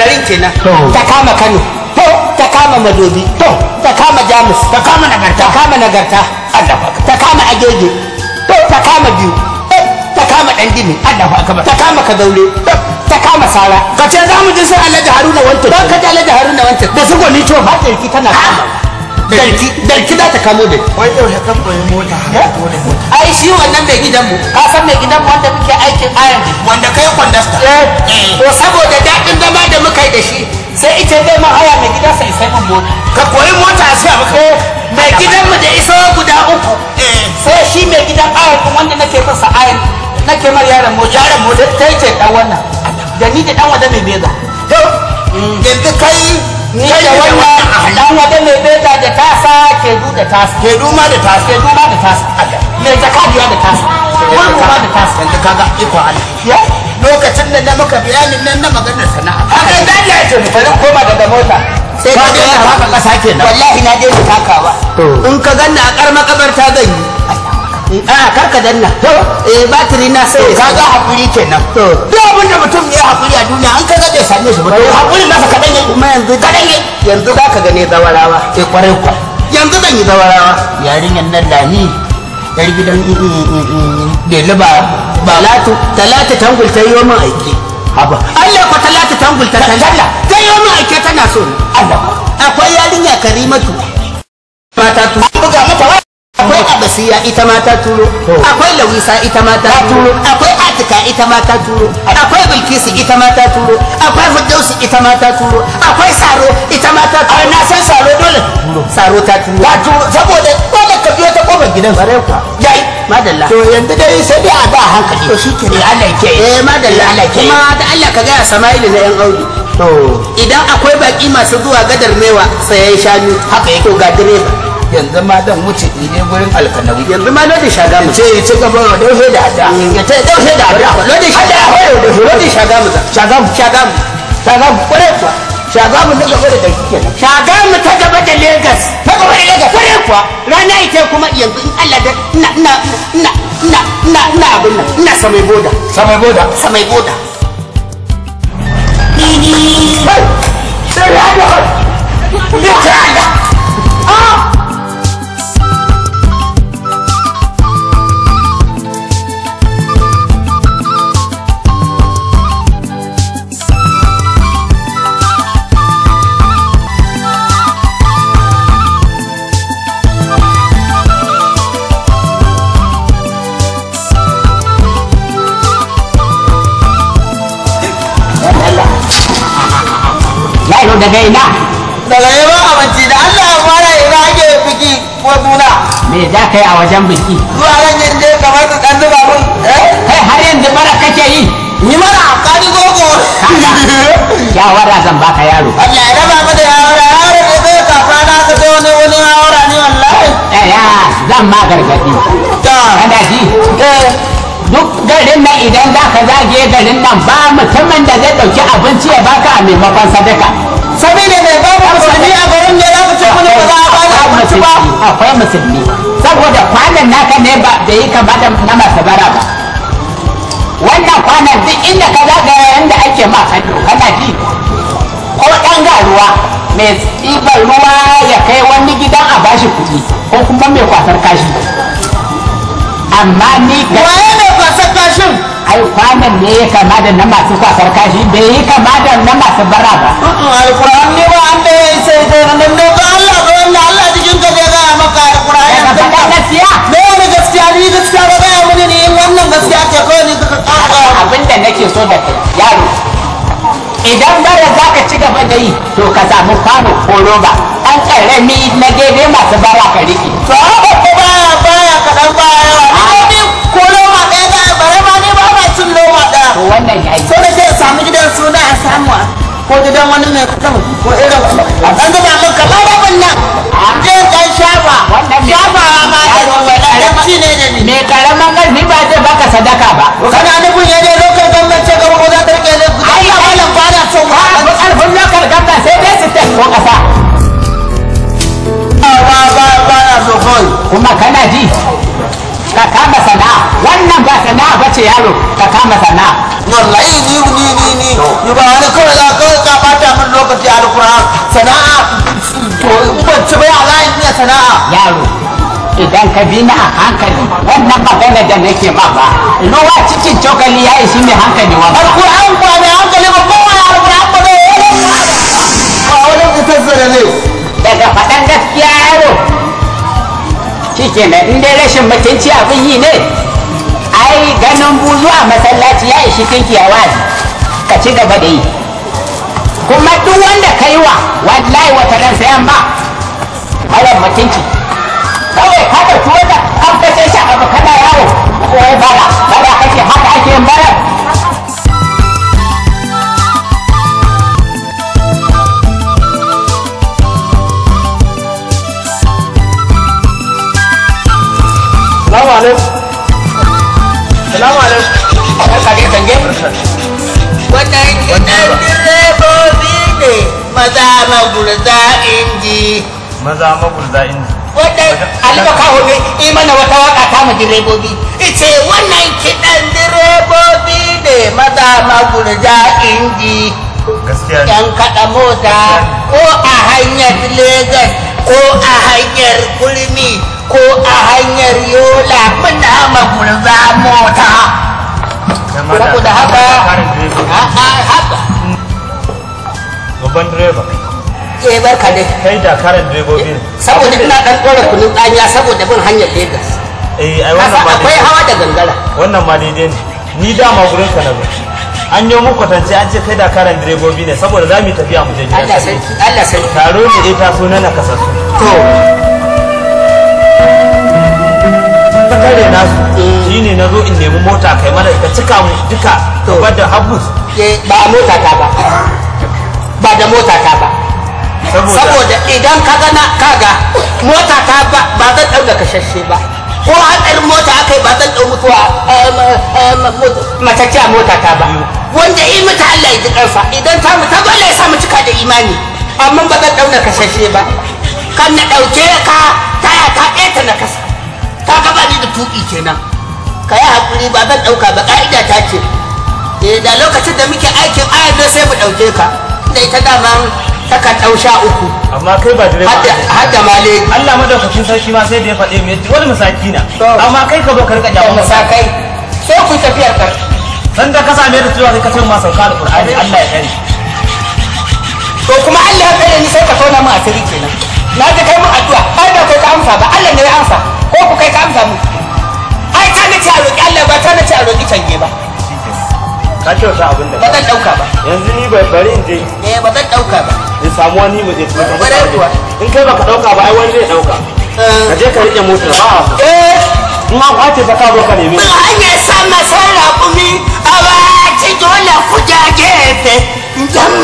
ɗarin kenan ta kama kano ta kama madobi ta kama jamus ta kama nagarta ta kama nagarta ta kama agege ta kama biyu ta kama ɗandini ta kama kazaure ta kama sara ka ce za mu ji sai alhaji haruna wancan don ka ji alhaji haruna wancan da su gwani to ba ta tana kama ah! dalki za ta kamo da wai yau ya koyi mota dole mota eh? ai shi wannan mai gidan mu ka san mai gidan mu wanda muke aikin ayan wanda kai kwandasta eh, eh. to saboda daɗin zama da muka yi da shi sai ita zai man haya mai gida sai sai mun mota ka koyi mota a siya maka mai gidan mu da iso guda uku sai shi mai gidan ayan wanda nake fasa ayan nake mar yaran mota yaran mota ta yi ce dan wannan da ni da dan wanda mai meza yanzu kai n'i da wannan ahli wata mai beta da tasa kedu da tasa kedu ma da tasa kedu ma da tasa mai biya da tasa wani ma da tasa yanzu kaga iko Allah lokacin da na maka bayanin nan na maganar sana'a hakan da ya ce bari koma daga mota sai ka ga haka kasa kenan wallahi na daina takawa in ka ganna a kar makabarta zan yi a karka danna to eh batiri na sai ya kaga hakuri kenan to duk abin da mutum ya hakuri a duniya an kaga bai same shi ba to hakuri masa kadan ya kuma yanzu kadan ya yanzu zaka ga ne zawarawa sai eh, kwarai kwa yanzu zan yi zawarawa yarinyan nan ni. yar gidan eh, eh, ba balatu talata tangul ta yi min aiki haba Allah ko talata tangul ta talla ta yi min aiki tana so Allah akwai yarinya karimatu mata tu shamsiya ita ma ta turo akwai lawisa ita ma ta turo akwai atika ita ma ta turo akwai bilkisu ita ma ta turo akwai firdausi ita ma ta turo akwai saro ita ma ta turo na san saro dole saro ta turo ta turo saboda dole ka biyo ta kofar gidan bare ku yayi madalla to yanda dai sai dai a ba hankali to shi ke Allah ke eh madalla Allah ke kuma da Allah ka ga Sama'ilu na yan audi to idan akwai baki masu zuwa gadar mewa tsayayen shanu haka yake ga direba yanzu ma dan wuce ne gurin alkanawi yanzu ma lodi shaga mu ce ce ka da daushe mm. da ada ya ta shi da ada lodi shaga mu lodi shaga mu shaga mu shaga mu shaga mu kware kuwa shaga mu daga gaba da dauki kenan shaga mu ta gaba da Legas ta gaba da Legas kware kuwa rana ita kuma yanzu in Allah da ina ina ina ina ina ina abin nan ina samai boda samai boda samai boda daga ina daga a abinci da Allah ya fara ina ake biki ko suna me za ka yi a wajen biki zuwa nan yin je kamar su kan zuba mun eh har yanzu mara kake yi ni mara ka ni gogo shawara zan baka yaro Allah ya raba mu da yawara yaro ne zai kafa na ka zo ne wani yawara ne wallahi eh, ya zan ma gargadi kada ji eh. duk garin nan idan za ka zage garin nan ba mutumin da zai ɗauki abinci ya baka a maimakon sadaka sabida mai babu musulmi a garin ne za ku ce kuna ba za a ba abinci ba akwai musulmi saboda kwanan naka ne ba da yi kamata na masu bara ba wannan kwanan duk inda ka zagaya yanda ake ma kallo kana ji ko ɗan ruwa mai tsibar ruwa ya kai wani gidan a bashi kuɗi ko kuma mai kwasar kashi amma ni ka waye ne kwasar kashin ai kwanan ne ya kama da na masu kwasar kashi bai yi kama da na masu bara ba alquran ne ba an da yayi sai dai nan ne ba Allah ba wanda Allah cikin ka zai ga maka alquran ka ga gaskiya ne wani gaskiya ni gaskiya ba ga mun ne in wannan gaskiya ce kawai ni ka ƙara abinda nake so da kai yaro idan bara za ka ci gaba da yi to ka samu kwano ko roba ɗan ƙarami na daidai masu bara ka riƙe to nan ka bi a hankali wannan magana da nake ma ba ruwa cikin cokali ya isi mai hankali wa ba ku an ba ne hankali ba kowa ya abu da ba ne ba wani fitar zara ne daga faɗan gaskiya yaro cikin da in dai rashin mutunci abin yi ne ai ganin buzu a masallaci ya ishi kinki a wazi ka ci gaba da yi kuma duk wanda ka yi wa wallahi wata ran sayan ba haram mutunci kawai haka ɗauki wata an fashe shi abu kana yawo wai bada bada kake haka ake yin bada Salamu alaikum. Salamu alaikum. Kage kage. Waɗannan direbobi ne maza magurza inji. Maza magurza inji. wadda aliba kawo ne imana wata waka ta ma direbobi ice wannan kiɗan direbobi ne maza magurja inji yan kaɗa mota ko a hanyar lagos ko a hanyar kurmi ko a hanyar yola muna magurza mota saboda haka babban direba eh barka dai kai dakarar direbobin saboda ina dan dora kunun tsamiya saboda bin hanyar Lagos eh ai wannan ba akwai hawa da gangara wannan ba daidai ne ni ma gurin ka na an yi mu kwatance an ce kai dakarar direbobi ne saboda za mu tafiya mu je gida Allah sarki Allah sarki taro ne dai taso na nakasassu to kare mm. ne shine zo in nemi mota kai mana ka cika mu duka to bada habus eh, ba mota ta ba ba da mota ta ba saboda idan ka gana kaga mota ta ba zan ɗau kashashe ba ko hatsarin mota aka yi ba zan ɗau mutuwa eh, eh, matacce a mota ta ba wanda yi mata Allah ya ji ƙarfa idan ta mu ta bala ya samu cika da imani amma ba zan ɗau kashashe ba kan na ɗauke ka taya ta ƙeta na kasa ta gaba ni da tuƙi kenan ka yi haƙuri ba zan ɗauka ba ƙa'ida ta ce eh, da lokacin da muke aikin ayar sai mu ɗauke ka da ita dama saka tausha uku. Amma kai ba direba. Hadda male. Allah madaukakin sarki ma sai da ya faɗe mai wani musaki na. Amma kai ka zo ka rika jawo musakai. so ku tafiya ka. San da ka same da cewa kai ka ce ma sauka da Qur'ani Allah ya kare. To kuma Allah ya kare ni sai ka tona mu asiri kenan. Na ta kai mu addu'a har da kai ka amsa ba Allah ne ya amsa ko ku kai ka amsa mu. Ai ta nace a roki, Allah ba ta nace a roki tange ba. ka kyauta abin da ba zan ɗauka ba yanzu ni bari in je eh ba zan dauka ba ya samu wani mu je cikin kamar in kai baka dauka ba ai wani zai dauka eh. ka je ka rike motar ba eh ma kwace ta kawo ka neme ba hanyar sama mi a ba ci dole ku ja gefe jam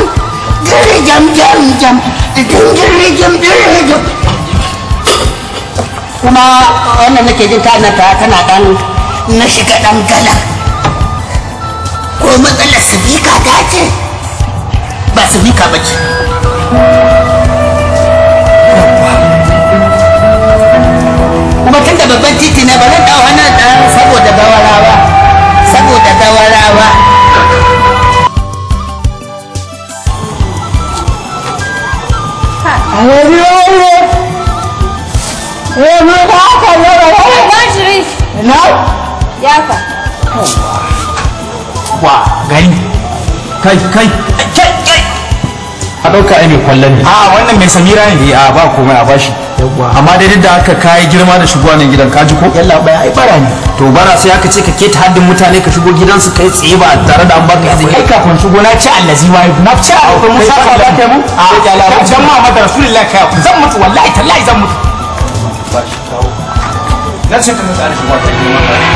gari jam jam jam dingiri jam dingiri jam kuma wannan nake jin tana ta tana dan na shiga dan gala ko matsalar sifika ta ce ba sifika ba ce kuma tun da babban titi na ba zan da hannun ɗan saboda gawarawa saboda gawarawa fa. Wa gari. Kai kai kai. a ɗauka ai mai kwallon ne a wannan mai samira ne eh, a ba komai a bashi amma dai duk da haka kayi girma da shigowa nan gidan ka ji ko yalla baya ai bara ne to bara sai aka ce ka keta haddin mutane ka shigo gidansu kai tsaye ba tare da an baka izini ai kafin shigo na ci allazi wa na ci a akwai musa ka ba kai mu a dan ma da rasulullahi kai zan mutu wallahi tallahi zan mutu na ce ka tsare shi ba ta girma